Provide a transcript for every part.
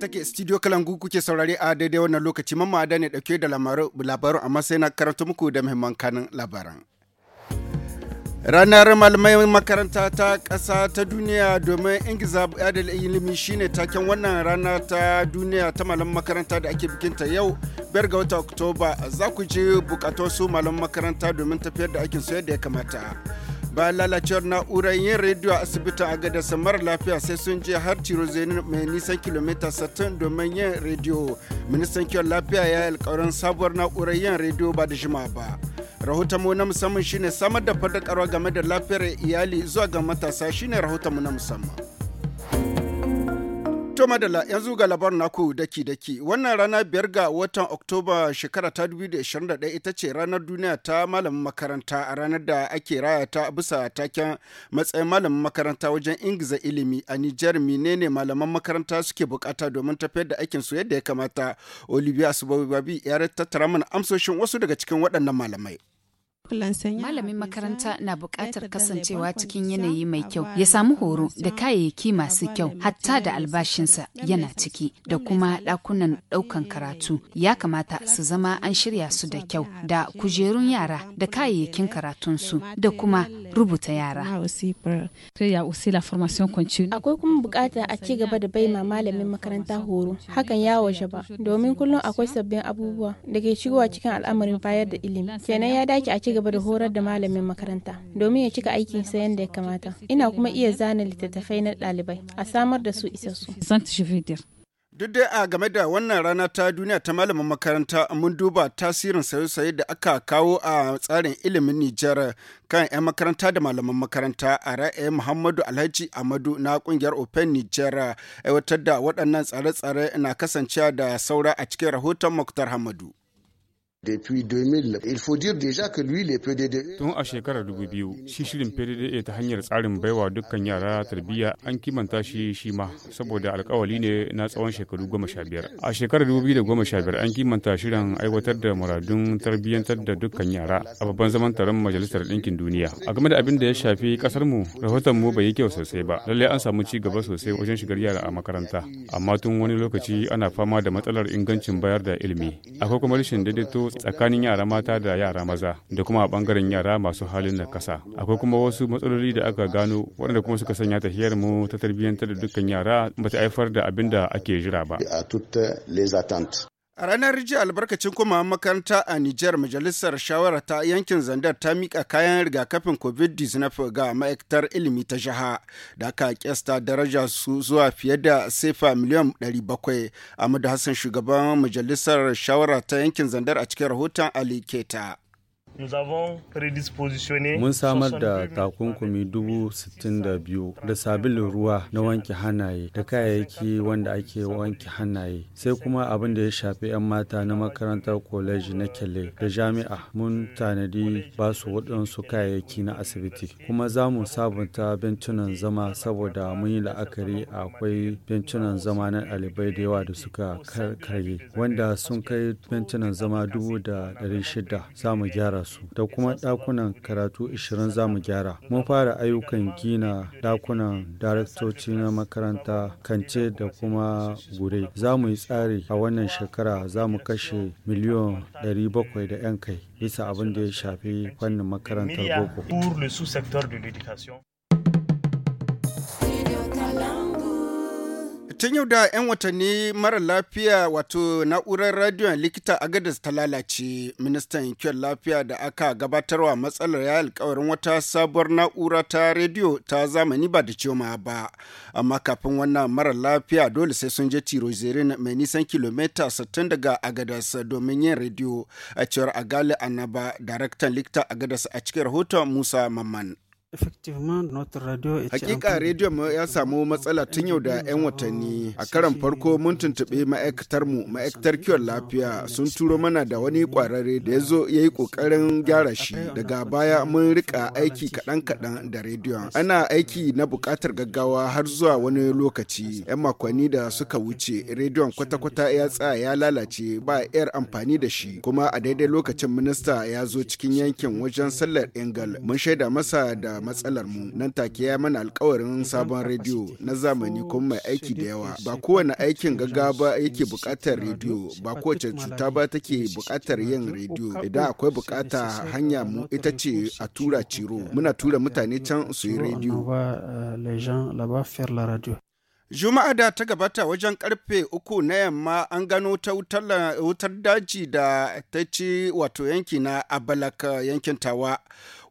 take studio kalangu kuke saurare a daidai wannan lokaci mamma da ne dauke da labaru amma sai na karanta muku da muhimman kanin labaran. Ranar malamai makaranta ta kasa ta duniya domin ingiza da ilimi shine taken wannan rana ta duniya ta malam makaranta da ake bikinta yau biyar ga wata Oktoba za ku ji bukatu su malam makaranta domin tafiyar da aikin su da ya kamata. bayan lalacewar na'urar yin rediyo a asibitin a gadasa samar lafiya sai sun je har tirozenin mai nisan kilomita 60 domin yin rediyo ministan kiwon lafiya ya yi alkawarin sabuwar na'urar yin rediyo ba da jima ba rahotonmu na musamman shine samar da fadakarwa game da lafiyar iyali zuwa ga matasa shine rahotonmu na musamman To madalla yanzu ga labar naku daki-daki wannan rana biyar ga watan Oktoba shekara ta 2021 ita ce ranar duniya ta malamin makaranta a ranar da ake raya ta bisa taken matsayin malamin makaranta wajen ingiza ilimi a Nijar menene malaman makaranta suke bukata domin tafiyar da aikin su yadda ya kamata. Olivia Subabi ya tattara mana amsoshin wasu daga cikin waɗannan malamai. Malamin makaranta na bukatar kasancewa cikin yanayi mai kyau, ya samu horo da kayayyaki masu kyau, hatta da albashinsa yana ciki, da kuma ɗakunan ɗaukan karatu. Ya kamata su zama an shirya su da kyau, da kujerun yara, da kayayyakin karatunsu, da kuma rubuta yara. Akwai kuma bukata a ci gaba da ma malamin makaranta horo, hakan ya waje ba, domin kullum akwai sabbin abubuwa da ke shigowa cikin al'amarin bayar da ilimi. Kenan ya dace a ci gaba gaba da horar da malamin makaranta domin ya cika aikin sa yadda ya kamata. Ina kuma iya zana littattafai na ɗalibai a samar da su isassu. Duk dai a game da wannan rana ta duniya ta malamin makaranta mun duba tasirin sauye-sauye da aka kawo a tsarin ilimin Nijar kan 'yan makaranta da malaman makaranta a ra'ayin Muhammadu Alhaji Amadu na kungiyar Open Nijar aiwatar da waɗannan tsare-tsare na kasancewa da saura a cikin rahoton Muktar Hamadu. Tun a shekarar 2000 shi shirin PDDA e ta hanyar tsarin baiwa dukkan yara tarbiyya an kimanta shi shi ma saboda alkawali ne na tsawon shekaru 15. A shekarar 2015 an kimanta shirin aiwatar da muradun tarbiyyantar da dukkan yara a babban zaman taron Majalisar Ɗinkin Duniya. A game da abin da ya shafi kasar mu rahoton mu bai yi kyau sosai ba. Lallai an samu ci gaba sosai wajen shigar yara a makaranta. Amma tun wani lokaci ana fama da matsalar ingancin bayar da ilimi. Akwai kuma rashin daidaito tsakanin yara mata da yara maza da kuma a bangaren yara masu halin da kasa akwai kuma wasu matsaloli da aka gano waɗanda kuma suka sanya tafiyar mu ta tarbiyyantar da dukkan yara ba ta haifar da abin da ake jira ba A ranar jiya albarkacin kuma makaranta a Nijar majalisar shawara ta yankin zandar ta mika kayan rigakafin COVID-19 ga ma'aikatar ilimi ta jiha da aka kesta daraja su zuwa fiye da sefa miliyan 700. Amadu Hassan shugaban majalisar shawara ta yankin zandar a cikin rahoton Ali Keta. Mun samar da takunkumi dubu sittin da biyu da sabilin ruwa na wanke hannaye da kayayyaki wanda ake wanke hannaye sai kuma abin da ya shafi 'yan mata na makarantar koleji na kyalle da jami'a mun tanadi ba su waɗansu kayayyaki na asibiti kuma za mu sabunta bentunan zama saboda mun yi la'akari akwai bentunan zama na ɗalibai da yawa da suka karye wanda sun kai bentunan zama dubu da za mu gyara su su da kuma dakunan karatu 20 za mu gyara. Mun fara ayyukan gina dakunan daraktoci na makaranta kance da kuma gure. Za mu yi tsari a wannan shekara za mu kashe miliyon 700 da 'yan kai bisa abin da ya shafi fannin makarantar boko. Tun yau da 'yan watanni mara lafiya wato na'urar radiyon likita gadas ta lalace, ministan kiwon lafiya da aka gabatarwa matsalar ya alkawarin wata sabuwar na'ura ta rediyo ta zamani ba da cewa ba. Amma kafin wannan mara lafiya dole sai sun je tirozerin mai nisan kilomita 60 daga agadas domin yin rediyo a cewar Agali Anaba, daraktan likita Agadez a cikin rahoton Musa Mamman. Hakika rediyon ya samu matsala tun yau da 'yan watanni. A karan farko mun tuntuɓi ma'aikatar mu ma'aikatar kiwon lafiya sun turo mana da wani ƙwararre da ya zo ya yi ƙoƙarin gyara shi. Daga baya mun rika aiki kaɗan-kaɗan da rediyon. Ana aiki na buƙatar gaggawa har zuwa wani lokaci. 'Yan makonni da suka wuce rediyon kwata-kwata ya tsaya ya lalace ba 'yar amfani da shi. Kuma a daidai lokacin minista ya zo cikin yankin wajen sallar Ingal. Mun shaida masa da matsalar mu nan take ya mana alkawarin sabon rediyo na zamani kuma mai aiki da yawa ba kowane aikin gaggawa yake buƙatar rediyo ba kowace cuta ba take buƙatar yin rediyo idan akwai bukata hanya mu ita ce a tura ciro muna tura mutane can su yi rediyo Juma'a da ta gabata wajen karfe uku na yamma an gano ta wutar daji da ta ci wato yanki na abalaka yankin tawa.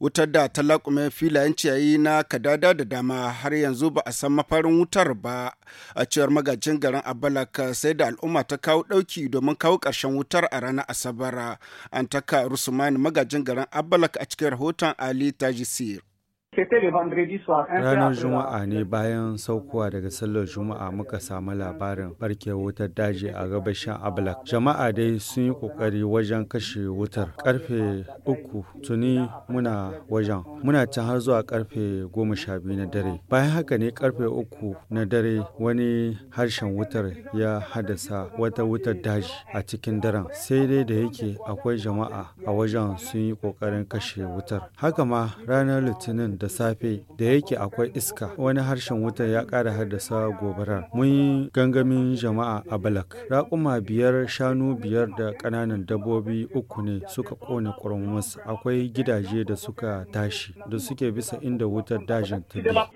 Wutar da ta laƙume filayen ciyayi na kadada da dama har yanzu ba a san mafarin wutar ba. A cewar magajin garin abalaka sai da al'umma ta kawo ɗauki domin kawo ƙarshen wutar a ranar Asabar. An taka Rusumani magajin garin abalaka a cikin rahoton Ali Tajisir. Ranar Juma'a ne bayan saukowa daga sallar Juma'a muka samu labarin barke wutar daji a gabashin Ablak. Jama'a dai sun yi kokari wajen kashe wutar. Karfe uku tuni muna wajen. Muna can har zuwa karfe goma sha biyu na dare. Bayan haka ne karfe uku na dare wani harshen wutar ya haddasa wata wutar daji a cikin daren. Sai dai da yake akwai jama'a a wajen sun yi kokarin kashe wutar. Haka ma ranar Litinin da safe da yake akwai iska wani harshen wuta ya ƙara haddasa gobarar. Mun yi gangamin jama'a a Balak. Raƙuma biyar shanu biyar da ƙananan dabbobi uku ne suka ƙone ƙurmus. Akwai gidaje da suka tashi da suke bisa inda wutar dajin ta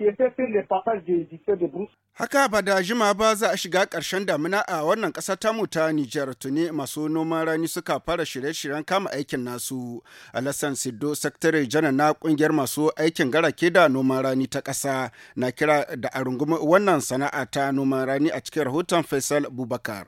Haka ba da jima ba za a shiga ƙarshen damina a wannan ƙasa tamu ta Nijar tuni masu noman rani suka fara shirye-shiryen kama aikin nasu. Alassan Siddo, Sakatare janar na ƙungiyar masu aikin ke da noman rani ta ƙasa na kira da a rungumi wannan sana'a ta noman rani a cikin rahoton Faisal Bubakar.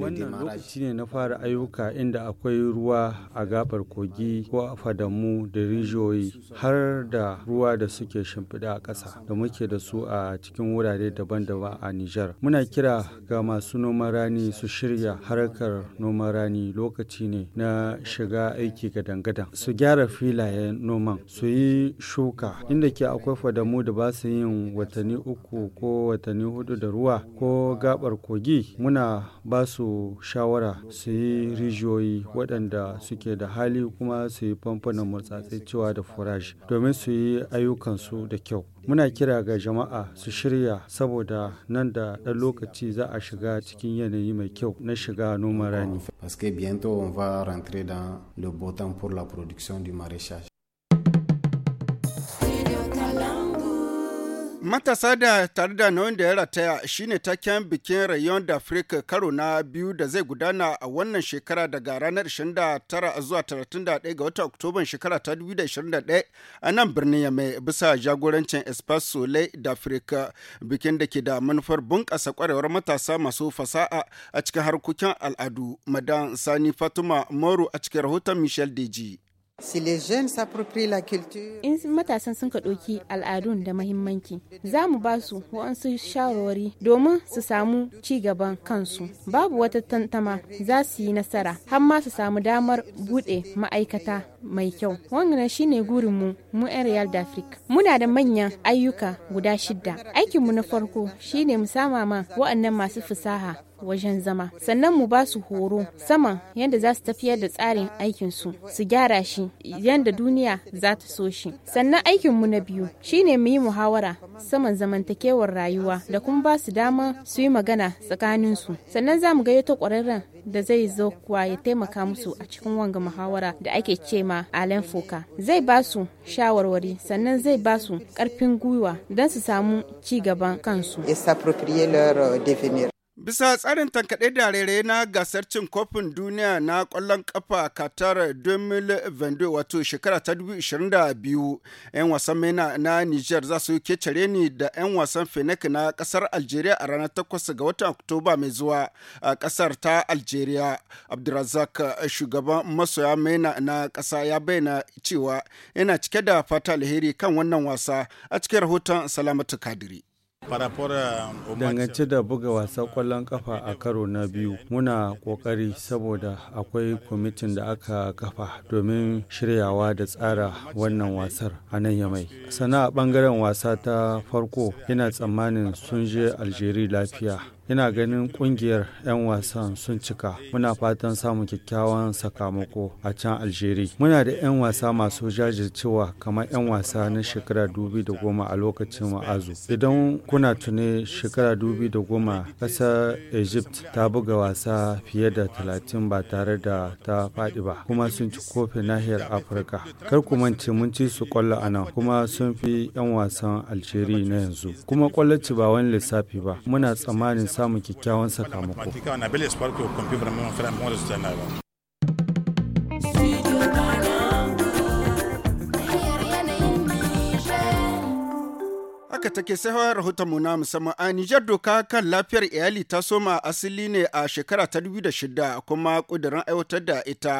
Wannan lokaci ne na fara ayyuka inda akwai ruwa a gabar kogi ko a fadamu da rijiyoyi har da ruwa da suke shimfiɗa a ƙasa da muke da su a cikin wurare daban-daban a Nijar. Muna kira ga masu noman rani su shirya harkar noman rani lokaci ne na shiga aiki ga dangadan. Su gyara filayen noman, su yi shuka inda ke akwai fadamu da ba su yin watanni uku ko watanni hudu da ruwa ko gabar kogi muna ba su shawara su yi rijiyoyi waɗanda suke da hali kuma su yi famfunan cewa da furashi domin su yi ayyukansu da kyau muna kira ga jama'a su shirya saboda nan da ɗan lokaci za a shiga cikin yanayi mai kyau na shiga noman rani. Parce que bientôt on va rentrer dans la production du maraîchage. Matasa da tare da nauyin da ya rataya shine taken bikin Rayon da Afirka karo na biyu da zai gudana a wannan shekara daga ranar 29 zuwa 31 ga watan Oktoban shekara ta 2021 a nan birnin Yamai bisa jagorancin espas Espace da Afirka bikin da ke da manufar bunƙasa kwarewar matasa masu fasa'a a cikin harkokin al'adu. Madan Sani Fatima Moro a cikin rahoton Michel Deji. In matasan sun ka ɗoki al'adun da mahimmanci, za mu ba su waɗansu shawarwari domin su samu ci gaban kansu. Babu wata tantama za su yi nasara, har ma su samu damar buɗe ma'aikata mai kyau. Wannan shine gurinmu mu 'yan Real africa Muna da manyan ayyuka guda shidda. Aikinmu na farko shine mu sama ma waɗannan masu fasaha wajen zama sannan mu ba su horo saman yadda za su tafiyar da tsarin aikin su su gyara shi yadda duniya za ta so shi sannan aikin mu na biyu shine mu yi muhawara saman zamantakewar rayuwa da kuma ba su dama su yi magana su sannan za mu gayyato ƙwararren da zai zo kuwa ya taimaka musu a cikin wanga muhawara da ake ce ma alen foka zai ba su shawarwari sannan zai ba su ƙarfin gwiwa don su samu ci gaban kansu. Bisa tsarin tankaɗe da rere na gasar cin kofin duniya na ƙwallon ƙafa Qatar 2022 wato shekara ta 2022 'yan wasan mena na Niger za su kecare ni da 'yan wasan Fenek na ƙasar Algeria a ranar takwas ga watan Oktoba mai zuwa a ƙasar ta Algeria. Abdulrazak shugaban masoya mena na ƙasa ya bayyana cewa yana cike da fata alheri kan wannan wasa a cikin rahoton Salamatu Kadiri. Eh, Dangance da buga wasan kwallon kafa a karo na biyu, muna kokari saboda akwai kwamitin da aka kafa domin shiryawa da tsara wannan wasar a nan yamai. Sana'a bangaren wasa ta farko yana tsammanin sun je Algeria lafiya ina ganin kungiyar 'yan wasan sun cika muna fatan samun kyakkyawan sakamako a can Aljeri. muna da 'yan wasa masu jajircewa kamar 'yan wasa na shekara dubi da goma a lokacin wa'azu idan kuna tuni shekara dubi da goma ƙasar egypt ta buga wasa fiye da talatin ba tare da ta faɗi ba kuma sun ci kofin nahiyar afirka kar ku mance mun ci su kwallo a nan kuma sun fi 'yan wasan Aljeri na yanzu kuma kwallo ba wani lissafi ba muna tsammanin samun kyakkyawan sakamako haka take sai rahoton mu na musamman a Nijar doka kan lafiyar iyali ta soma asali ne a shekara ta 2006 kuma kudirin aiwatar da ita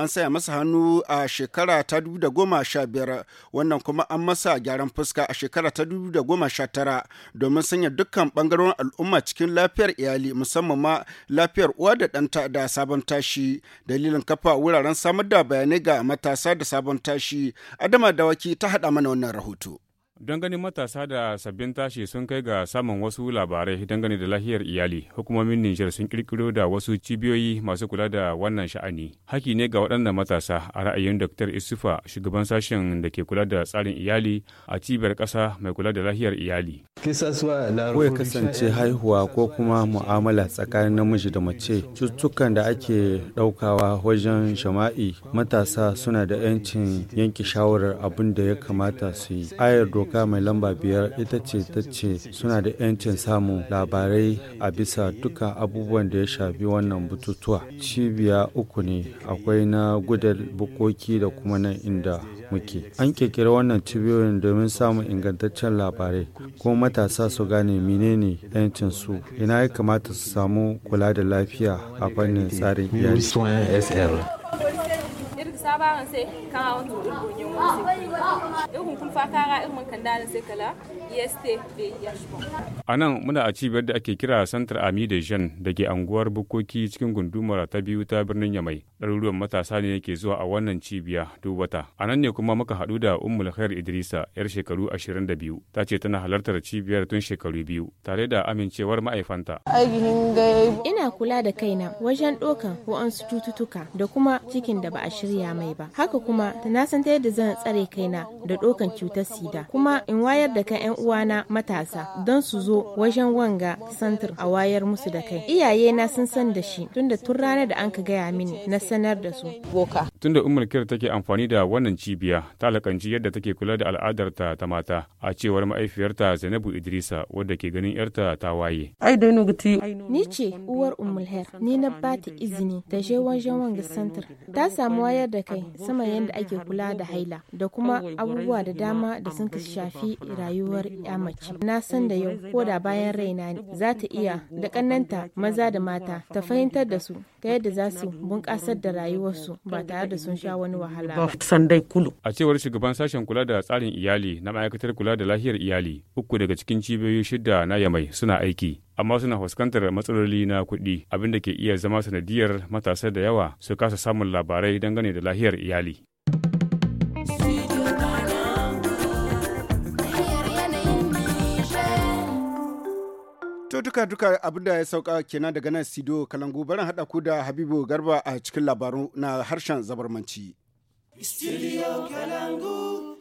an saya masa hannu a shekara ta 2015 wannan kuma an masa gyaran fuska a shekara ta 2019 domin sanya dukkan bangaren al'umma cikin lafiyar iyali musamman ma lafiyar uwa da ɗanta da sabon tashi dalilin kafa wuraren samar da bayanai ga matasa da sabon tashi Adama Dawaki ta haɗa mana wannan rahoto. Don ganin matasa da sabbin tashi sun kai ga samun wasu labarai dangane da lahiyar iyali, hukumomin Nijar sun kirkiro da wasu cibiyoyi masu kula da wannan sha'ani. Haki ne ga waɗannan matasa a ra'ayin Dr. Isufa, shugaban sashen da ke kula da tsarin iyali a cibiyar ƙasa mai kula da lahiyar iyali. Ko ya kasance haihuwa ko kuma mu'amala tsakanin namiji da mace, cututtukan da ake ɗaukawa wajen jama'i matasa suna da 'yancin yanke shawarar abin da ya kamata su yi. Ayar doka mai lamba biyar ita ce ta ce suna da 'yancin samun labarai a bisa duka abubuwan da ya shafi wannan bututuwa. Cibiya uku ne akwai na gudar bukoki da kuma nan inda muke. An kirkiri wannan cibiyoyin domin samun ingantaccen labarai ko matasa su gane menene 'yancin su ina ya kamata su samu kula da lafiya a fannin tsarin iyali. a sai muna a cibiyar da ake kira santar ami da jean da ke anguwar bukoki cikin gundumar ta biyu ta birnin yamai ɗaruruwan matasa ne yake zuwa a wannan cibiya dubata a nan ne kuma muka haɗu da ummul khair idrisa yar shekaru ashirin da biyu ta ce tana halartar cibiyar tun shekaru biyu tare da amincewar ma'aifanta ina kula da kaina wajen ɗokan wa'ansu cututtuka da kuma cikin da ba a shirya mai ba haka kuma na san ta yadda zan tsare kaina da ɗaukan cutar sida kuma in wayar da kan 'yan uwana matasa don su zo wajen wanga santir a wayar musu da kai iyaye na sun san da shi tunda tun ranar da an ka gaya mini na sanar da su boka Tunda Ummul Kir take amfani da wannan cibiya, ta alakanci yadda take kula da al'adarta ta mata, a cewar ma'aifiyarta Zainabu Idrisa wadda ke ganin ‘yarta ta waye. Ni ce uwar Ummul ni na ba izini da je wajen wanga santar. Ta samu wayar da kai sama yadda ake kula da haila da kuma abubuwa da dama da sun shafi rayuwar ya mace. Na san da yau ko da bayan raina ne za ta iya da kannanta maza da mata ta fahimtar da su ta yadda za su bunƙasar da rayuwarsu ba tare sun sha wani wahala ba. A cewar shugaban sashen kula da tsarin iyali na ma'aikatar kula da lahiyar iyali, uku daga cikin cibiyoyi shida na Yamai suna aiki. amma suna fuskantar matsaloli na kuɗi da ke iya zama sanadiyar matasa da yawa su kasa samun labarai dangane da lahiyar iyali. To duka duka abin da ya sauka kenan daga nan sido Kalangu barin hada ku da Habibu Garba a cikin labaru na harshen zabarmanci. Studio Kalangu.